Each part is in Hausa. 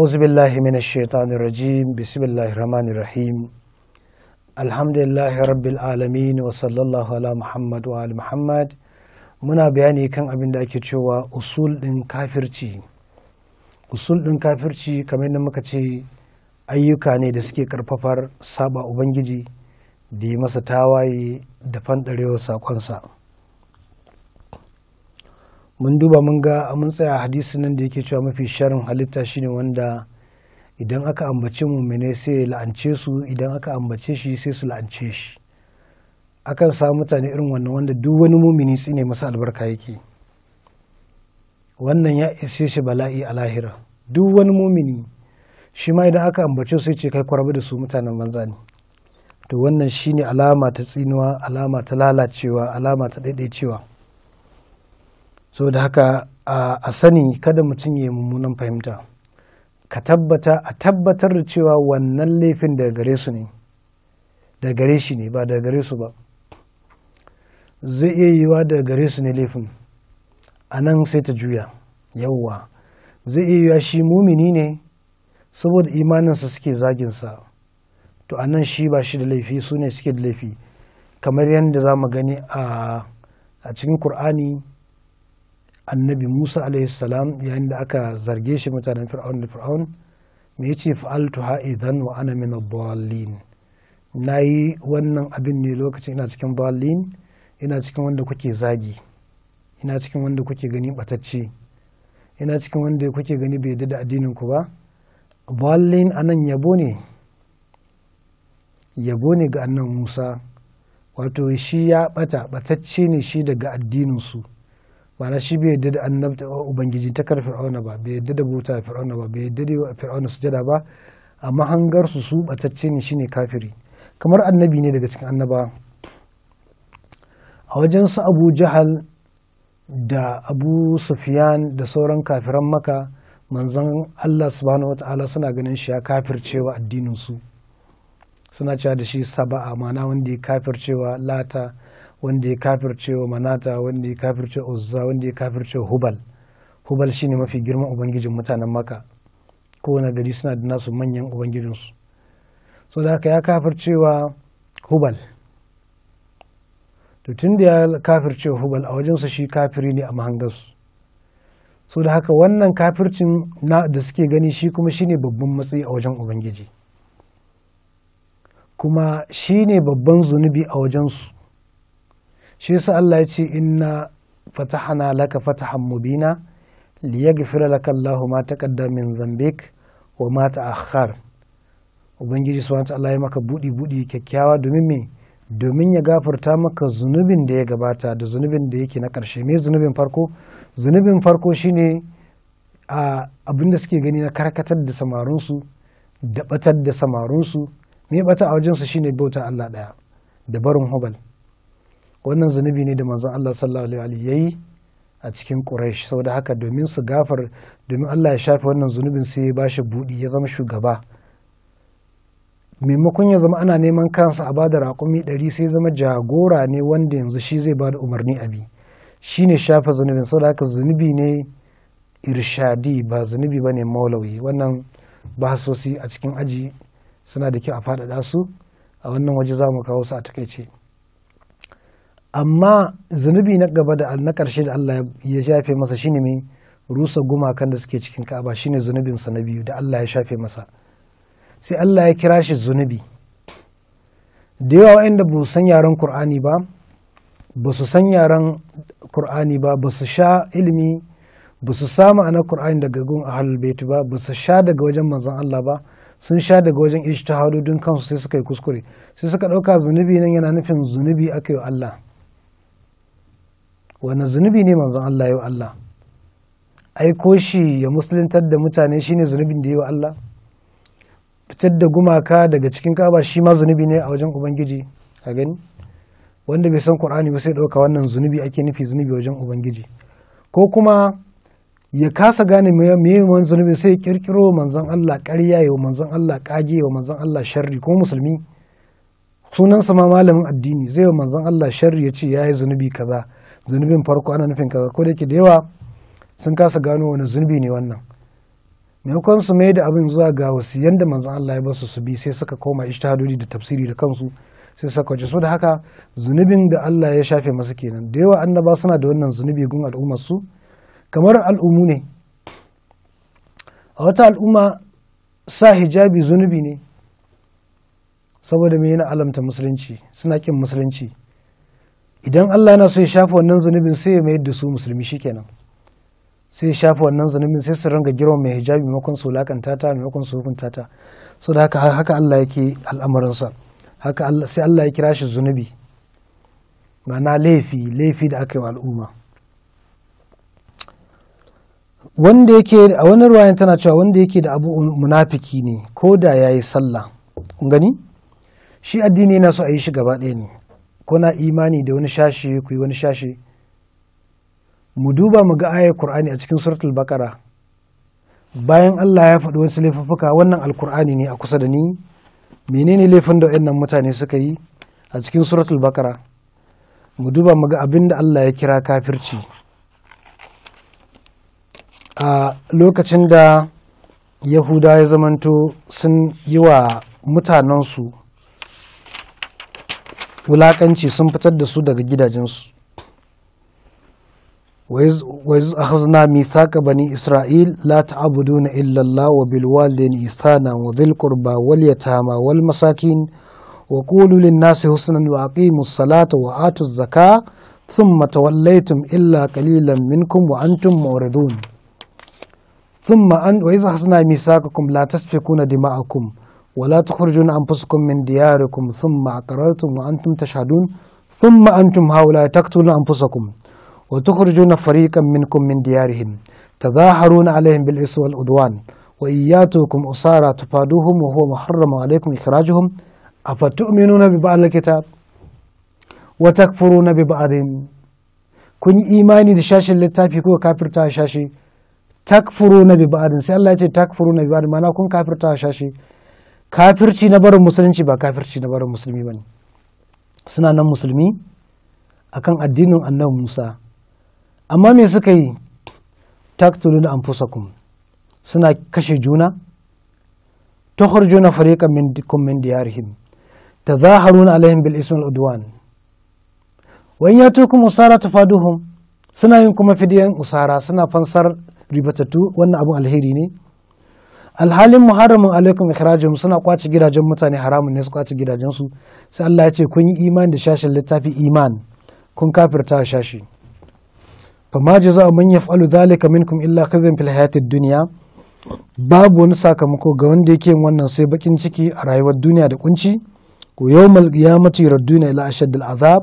أعوذ بالله من الشيطان الرجيم بسم الله الرحمن الرحيم الحمد لله رب العالمين وصلى الله على محمد وعلى muna bayani kan abin da ake cewa usul ɗin kafirci usul ɗin kafirci kamar yadda muka ce ayyuka ne da suke karfafar saba ubangiji da yi masa tawaye da fanɗarewa saƙonsa mun duba mun ga mun tsaya hadisi nan da yake cewa mafi sharin halitta shine wanda idan aka ambace mu mene sai la'ance su idan aka ambace shi sai su la'ance shi akan samu mutane irin wannan wanda duk wani mumini tsine masa albarka yake wannan ya ishe shi bala'i a lahira duk wani mumini shi ma idan aka ambace su ce kai kwarbi da su mutanen banza ne to wannan shine alama ta tsinuwa alama ta lalacewa alama ta daidaicewa so da haka a sani kada mutum ya yi mummunan fahimta ka tabbata a tabbatar da cewa wannan laifin daga gare su ne daga gare shi ne ba da gare su ba zai iya yiwa da gare su ne laifin a nan sai ta juya yawwa zai iya yiwa shi mumini ne saboda imaninsa suke zaginsa to a nan shi ba shi da laifi su ne suke da laifi kamar yadda za mu gani a cikin kur'ani annabi musa alaihissalam yayin da aka zarge shi mutanen fir'aun da fir'aun me ya ce fa'altuha idan wa ana min ad na yi wannan abin ne lokacin ina cikin dallin ina cikin wanda kuke zagi ina cikin wanda kuke gani batacce ina cikin wanda kuke gani bai da addinin ku ba dallin anan yabo ne yabo ne ga annan musa wato shi ya bata batacce ne shi daga addininsu su ma'ana shi bai yadda da annabta ubangiji ta kar fir'auna ba bai yadda da bauta fir'auna ba bai yadda da fir'auna sujada ba amma hangar su su batacce ne shine kafiri kamar annabi ne daga cikin annaba a wajen su abu jahal da abu sufiyan da sauran kafiran maka manzon allah subhanahu wataala suna ganin shi ya kafircewa addinin su suna cewa da shi saba'a ma'ana wanda ya kafircewa lata wanda ya kafirce wa manata wanda ya kafirce uzza wanda ya kafirce hubal hubal shine mafi girman ubangijin mutanen maka kowane gari suna da nasu manyan ubangijinsu so da haka ya kafircewa hubal to tun da ya kafircewa hubal a wajensu shi kafiri ne a mahangarsu so da haka wannan kafircin da suke gani shi kuma shine babban matsayi a wajen ubangiji kuma shine babban zunubi a wajensu shi yasa Allah ya ce inna fatahana laka fatahan mubina liyaghfira laka Allahu ma taqaddama min dhanbik wa ma ta'akhkhar ubangiji subhanahu ta'ala ya maka budi budi kyakkyawa domin me domin ya gafarta maka zunubin da ya gabata da zunubin da yake na karshe me zunubin farko zunubin farko shine abin da suke gani na karkatar da samarunsu da batar da samarinsu me bata a wajensu shine bauta Allah daya da barin hubal wannan zunubi ne da manzon Allah sallallahu alaihi yayi a cikin Quraysh saboda haka domin su gafar domin Allah ya shafe wannan zunubin sai ya bashi budi ya zama shugaba maimakon ya zama ana neman kansa a bada raƙumi ɗari sai zama jagora ne wanda yanzu shi zai bada umarni a bi shi ne shafe zunubin saboda haka zunubi ne irshadi ba zunubi ba ne maulawi wannan bahasosi a cikin aji suna da kyau a faɗaɗa su a wannan waje za mu kawo su a takaice. amma zunubi na gaba da na ƙarshe da Allah ya shafe masa shine mai rusa gumakan da suke cikin ka'aba shine zunubin sa na biyu da Allah ya shafe masa sai Allah ya kira shi zunubi da yawa wa'anda ba san yaren Kur'ani ba ba su san yaren Kur'ani ba ba su sha ilimi ba su samu Kur'ani daga gun ahlul bait ba ba su sha daga wajen manzon Allah ba sun sha daga wajen ijtihadudin kansu sai suka yi kuskure sai suka ɗauka zunubi nan yana nufin zunubi aka Allah wani zunubi ne manzon Allah yau Allah aiko shi ya musuluntar da mutane shi ne zunubin da yau Allah fitar da gumaka daga cikin kaba shi ma zunubi ne a wajen ubangiji a gani wanda bai san qur'ani ba sai dauka wannan zunubi ake nufi zunubi wajen ubangiji ko kuma ya kasa gane me wani zunubi sai ya kirkiro manzon Allah ƙarya ya manzon Allah kage ya manzon Allah sharri ko musulmi sunansa ma malamin addini zai wa manzon Allah sharri ya ce ya yi zunubi kaza zunubin farko ana nufin kaza ko da yake da yawa sun kasa gano wani zunubi ne wannan maimakon su mai da abin zuwa ga wasu yadda manzon Allah ya basu su bi sai suka koma ijtihadodi da tafsiri da kansu sai suka kwace su da haka zunubin da Allah ya shafe masu kenan da yawa annaba suna da wannan zunubi gun al'ummar su kamar al'ummu ne a wata al'umma sa hijabi zunubi ne saboda me yana alamta musulunci suna kin musulunci idan Allah yana so ya shafa wannan zunubin sai ya mayar da su musulmi shikenan sai ya shafa wannan zunubin sai su ringa girma mai hijabi maimakon su lakanta ta maimakon su hukunta ta so da haka haka Allah yake al'amarinsa haka sai Allah ya kira shi zunubi ma'ana laifi laifi da aka yi wa al'umma wanda yake a wani ruwayan tana cewa wanda yake da abu munafiki ne ko da yayi sallah gani shi addini yana so a yi shi gaba ɗaya ne kuna imani da wani shashi ku yi wani shashi mu duba mu ga ayar Qur'ani a cikin suratul Baqara bayan Allah ya faɗi wasu laifuffuka wannan alkur'ani ne a kusa da ni menene laifin da waɗannan mutane suka yi a cikin suratul Baqara mu duba mu ga abin da Allah ya kira kafirci a lokacin da Yahuda ya zamanto sun yi wa mutanensu wulakanci sun fitar da su daga gidajensu waiz akhazna mithaqa bani isra'il la na illa allah wa bil walidayni ihsana wa ba, qurba wal yatama wal masakin wa qulu nasi husnan wa aqimus salata wa atuz zaka thumma tawallaytum illa qalilan minkum wa antum mu'ridun thumma an wa iza akhazna mithaqakum la tasfikuna dima'akum ولا تخرجون أنفسكم من دياركم ثم أقررتم وأنتم تشهدون ثم أنتم هؤلاء تقتلون أنفسكم وتخرجون فريقا منكم من ديارهم تظاهرون عليهم بالإسم والعدوان وإياتكم أسارى تفادوهم وهو محرم عليكم إخراجهم أفتؤمنون ببعض الكتاب وتكفرون ببعض كن إيماني دشاش اللي تافيكو كافر تاشاشي تكفرون shashi takfuru na bi ba'adin sai Allah ya ce kafirci na barin musulunci ba kafirci na barin musulmi ba ne suna nan musulmi akan addinin annabi musa amma me suka yi na anfusakum suna kashe juna tukhrijuna fariqan minkum min diyarihim na alaihim bil ismi udwan ya tuku musara ta faduhun suna yin kuma fidiyan usara suna fansar ribatattu wannan abin alheri ne alhalin muharramin alaikum ikhrajum suna kwace gidajen mutane haramun ne su kwace gidajen su sai Allah ya ce kun yi imani da shashin littafi iman kun kafirta shashi fama jaza man yaf'alu dhalika minkum illa khizyun fil hayatid dunya babu wani sakamako ga wanda yake wannan sai bakin ciki a rayuwar duniya da kunci ko yawmal qiyamati yuradduna ila ashaddil azab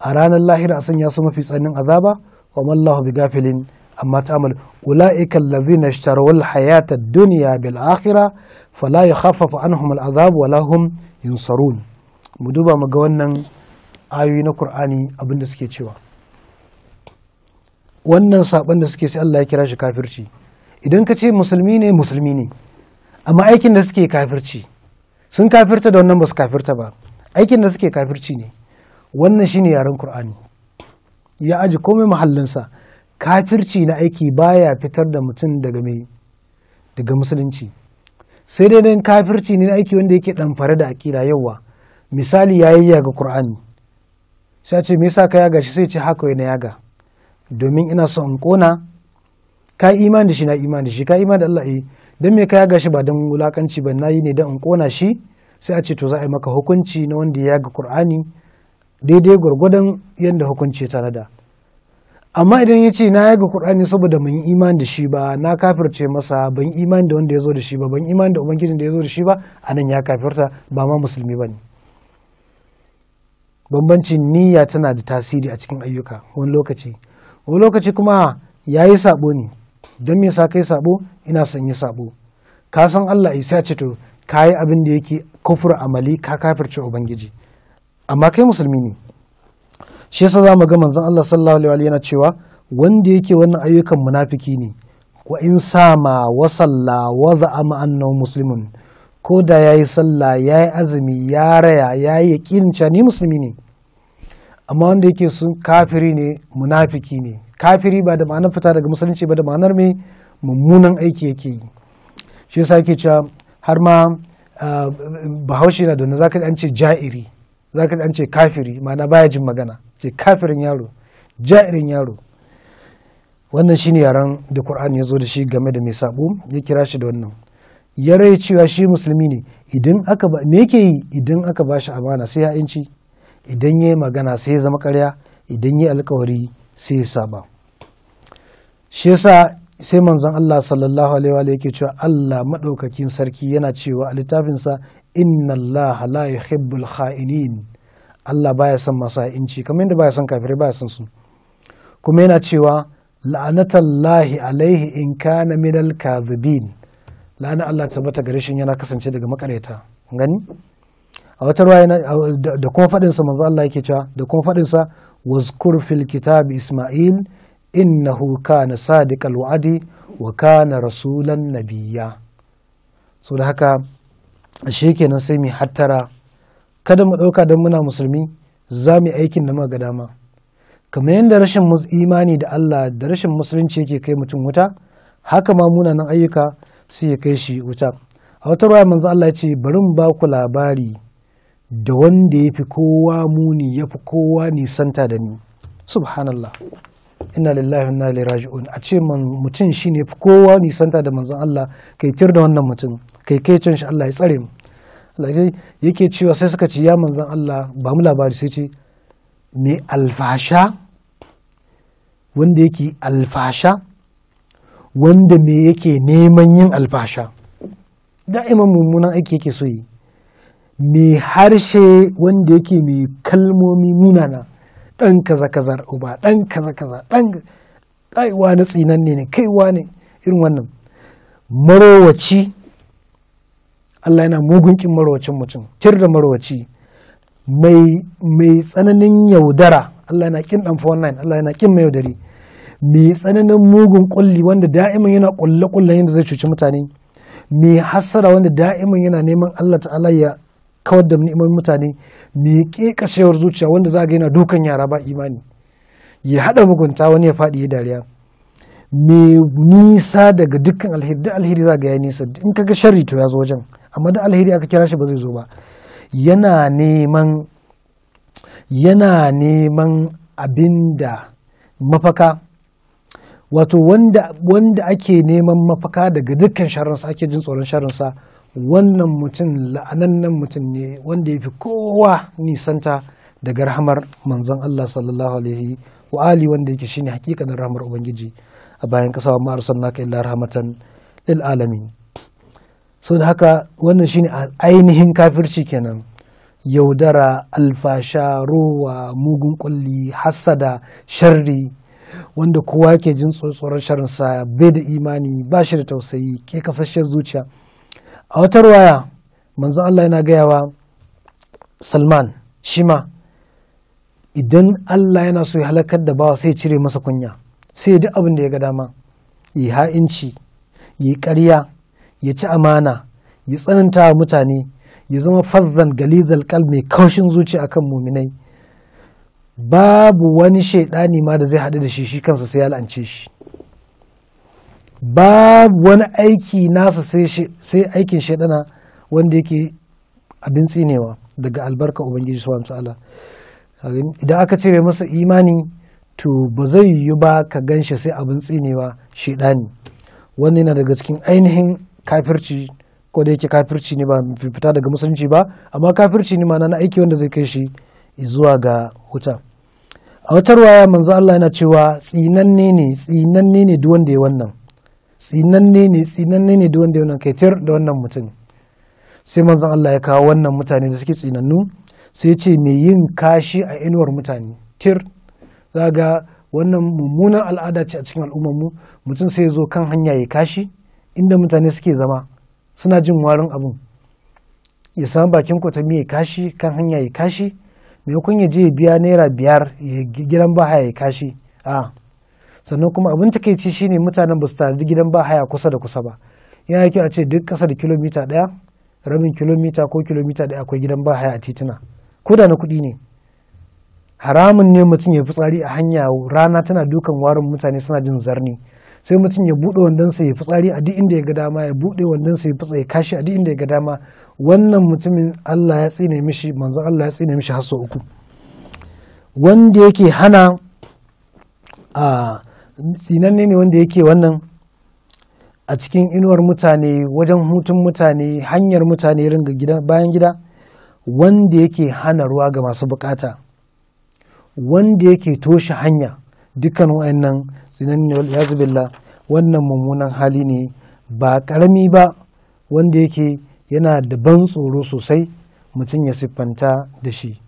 a ranar lahira a sanya su mafi tsananin azaba wa mallahu bi gafilin amma ta amal ula'ika allazina ishtarawal hayata duniya bil akhira fala yakhaffafu anhum al azab wala lahum yunsarun mu duba mu ga wannan ayoyi na Qur'ani abin da suke cewa wannan sabon da suke sai Allah ya kira shi kafirci idan ka ce musulmi ne musulmi ne amma aikin da suke kafirci sun kafirta da wannan ba su kafirta ba aikin da suke kafirci ne wannan shine yaren Qur'ani ya aji komai mahallinsa kafirci na aiki baya fitar da mutum daga mai daga musulunci sai dai dan kafirci ne na aiki wanda yake ɗamfare da akida yawa misali ya yi yaga qur'ani sai ce me yasa ka yaga shi sai ce haka na yaga domin ina so in kona ka imani da shi na imani da shi ka imani da Allah eh dan me ka yaga shi ba dan wulakanci ba nayi ne dan in kona shi sai a ce to za a yi maka hukunci na wanda ya yaga qur'ani daidai gwargwadon yadda hukunci ta nada. amma idan ya ce na yaga qur'ani saboda ban yi imani da shi ba na kafirce masa ban yi imani da wanda ya zo da shi ba ban yi imani da ubangijin da ya zo da shi ba anan ya kafirta ba ma musulmi ba ne bambancin niyya tana da tasiri a cikin ayyuka wani lokaci wani lokaci kuma ya yi sabo ne don me sa kai sabo ina son yi sabo ka san Allah isa ce to ka yi abin da yake kufur amali ka kafirce ubangiji amma kai musulmi ne shi yasa zamu ga manzon Allah sallallahu alaihi wa yana cewa wanda yake wannan ayyukan munafiki ne wa in sama wa salla wa za'ama annahu muslimun ko da yayi sallah yayi azumi ya raya yayi yaqin cewa ni musulmi ne amma wanda yake su kafiri ne munafiki ne kafiri ba da ma'anar fita daga musulunci ba da ma'anar mai mummunan aiki yake yi shi yasa yake cewa har ma ah, bahaushe na da za ka an ce ja'iri za ka an ce kafiri ma'ana baya jin magana ce kafirin yaro ja'irin yaro wannan shine yaran da Qur'ani ya zo da shi game da mai sabo ya kira shi da wannan ya rai cewa shi musulmi ne idan aka ba me yake yi idan aka ba shi amana sai ya inci idan ya yi magana sai ya zama karya idan ya yi alkawari sai ya saba shi yasa sai manzon Allah sallallahu alaihi wa yake cewa Allah maɗaukakin sarki yana cewa a littafinsa inna Allah la yuhibbul kha'inin Allah baya son masu inci kamar yadda baya son kafirai baya son su kuma yana cewa la'anatallahi alaihi in kana minal kadhibin la'ana Allah tabbata gare shi yana kasance daga makareta gani a wata ruwa da kuma faɗinsa sa manzo Allah yake cewa da kuma faɗin sa wazkur fil kitab isma'il innahu kana sadiqal wa'adi wa kana rasulan nabiyya so da haka shi kenan sai mu hattara kada mu ɗauka don muna musulmi za mu yi aikin da ma ga dama kamar yadda rashin imani da Allah da rashin musulunci yake kai mutum wuta haka ma munanan ayyuka su ya kai shi wuta a wata ruwa manzo Allah ya ce bari mu ba ku labari da wanda ya fi kowa muni ya fi kowa nisanta da ni subhanallah inna lillahi wa inna ilaihi raji'un a ce mutum shine fi kowa nisanta da manzon Allah kai tir da wannan mutum kai kai can shi Allah ya tsare mu alhari yake cewa sai suka ci ya manzan Allah ba mu labari sai ce mai alfasha wanda yake alfasha wanda me yake neman yin alfasha da'iman mummunan aiki yake so yi mai harshe wanda yake mai kalmomi munana ɗan kaza kaza uba ɗan kaza kaza ɗan kaiwa na tsinan ne kaiwa ne irin wannan marowaci Allah yana mugun kin marwacin mutum cir da marwaci mai tsananin yaudara Allah yana kin dan 49 Allah yana kin mai yaudari mai tsananin mugun kulli wanda da'iman yana kulle kullen yadda zai cuci mutane mai hasara wanda da'iman yana neman Allah ta'ala ya kawar da ni'imomin mutane mai kekashewar zuciya wanda za ga yana dukan yara ba imani ya haɗa mugunta wani ya faɗi ya dariya mai nisa daga dukkan alheri alheri za ga ya nisa in kaga sharri to ya zo wajen amma da alheri aka kira shi ba zai zo ba yana neman yana neman abin mafaka wato wanda, wanda ake neman mafaka daga dukkan sharrinsa ake jin tsoron sharansa wannan mutum la'anannen mutum ne wanda ya fi kowa nisanta daga rahamar manzon Allah sallallahu alaihi wa ali wanda yake shine hakikanin rahamar ubangiji a bayan kasawa wa ma'arsan naka illa rahmatan lil alamin so da haka wannan shine a ainihin kafirci kenan yaudara alfasha rowa mugun kulli hassada sharri wanda kowa ke jin tsoron sharinsa bai da imani ba shi da tausayi ke kasashen zuciya a wata waya manzo Allah yana gayawa Salman shima idan Allah yana so ya halakar da bawa sai ya cire masa kunya sai duk abin da ya ga dama yi ha'inci yi ƙarya ya ci amana ya tsananta wa mutane ya zama fazzan galizal kal mai kaushin zuci akan muminai babu wani shaidani ma da zai haɗu da shi shi kansa sai ya la'ance shi babu wani aiki nasa sai aikin shaidana wanda yake abin tsinewa daga albarka ubangiji subhanahu ta'ala idan aka cire masa imani to ba zai yi ba ka ganshi sai abin tsinewa shaidani wannan yana daga cikin ainihin kafirci ko da yake kafirci ne ba fita daga musulunci ba amma kafirci ne mana na aiki wanda zai kai shi zuwa ga wuta a watar waya manzo Allah yana cewa tsinanne ne tsinanne ne duk wanda ya wannan tsinanne ne tsinanne ne duk wanda ya wannan kai tir da wannan mutum sai manzo Allah ya kawo wannan mutane da suke tsinannu sai ce mai yin kashi a inuwar mutane tir za ga wannan mummunan al'ada ce a cikin al'ummar mu mutum sai ya zo kan hanya ya kashi inda mutane suke zama suna jin warin abin ya samu bakin kwata ya kashi kan hanya ya kashi maimakon ya je biya naira biyar ya gidan bahaya ya kashi a sannan kuma abin takaici shine mutanen ba su tanadi gidan bahaya kusa da kusa ba yana kyau a ce duk kasa da kilomita daya rabin kilomita ko kilomita ɗaya akwai gidan bahaya a tituna ko da na kuɗi ne haramun ne mutum ya fi tsari a hanya rana tana dukan warin mutane suna jin zarni sai mutum ya buɗe sa ya fitsari a duk inda ya ga dama ya buɗe sa ya fitsari ya kashi a duk inda ya ga dama wannan mutumin Allah ya tsine mishi manzon Allah ya tsine mishi hasso uku wanda yake hana a tsinanne ne wanda yake wannan a cikin inuwar mutane wajen hutun mutane hanyar mutane ringa gida bayan gida wanda yake hana ruwa ga masu bukata wanda yake toshe hanya dukkan wayannan zinani wal wannan mummunan hali ne ba karami ba wanda yake yana da ban tsoro sosai mutum ya siffanta da shi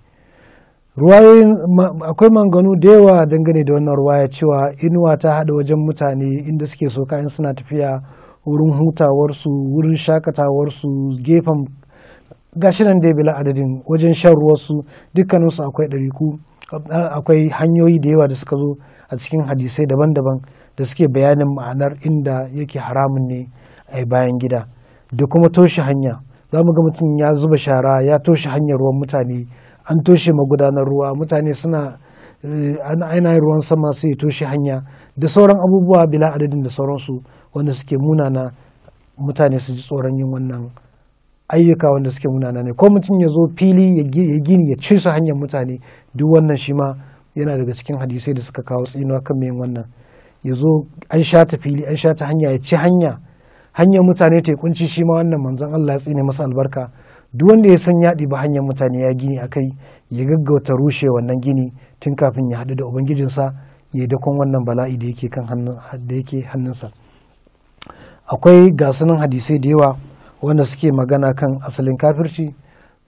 ruwayoyin akwai manganu da yawa dangane da wannan ruwaya cewa inuwa ta haɗa wajen mutane inda suke so kayan suna tafiya wurin hutawarsu wurin shakatawarsu gefen gashi nan dai bila adadin wajen shan ruwarsu dukkaninsu akwai ɗariku akwai hanyoyi da yawa da suka zo a cikin hadisai daban-daban da suke bayanin ma'anar inda yake haramun ne a bayan gida da kuma toshe hanya za mu ga mutum ya zuba shara ya toshe hanyar ruwan mutane an toshe magudanar ruwa mutane suna eh, ana ruwan sama sai ya toshe hanya da sauran abubuwa bila adadin da sauransu wanda suke munana mutane su ji tsoron yin wannan ayyuka wanda suke munana ne ko mutum ya zo fili ya gini ya ci su hanyar mutane duk wannan shi ma yana daga cikin hadisai da suka kawo tsinuwa kan mai wannan ya zo an sha ta fili an sha ta hanya ya ci hanya hanyar mutane ta kunci shi ma wannan manzon Allah ya tsine masa albarka duk wanda ya san yaɗi ba hanyar mutane ya gini a kai ya gaggauta rushe wannan gini tun kafin ya haɗu da ubangijinsa ya yi dakon wannan bala'i da yake kan hannunsa akwai gasunan hadisai da yawa wanda suke magana kan asalin kafirci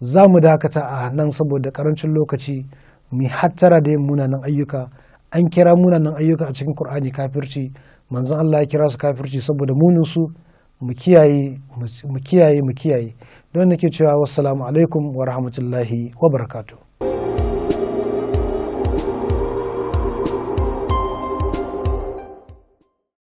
za mu dakata a nan saboda karancin lokaci mu hattara da munanan ayyuka an kira munanan ayyuka a cikin Qur'ani kafirci manzon Allah ya kira su kafirci saboda munin su mu kiyaye mu kiyaye mu kiyaye don nake cewa wassalamu alaikum wa rahmatullahi wa barakatuh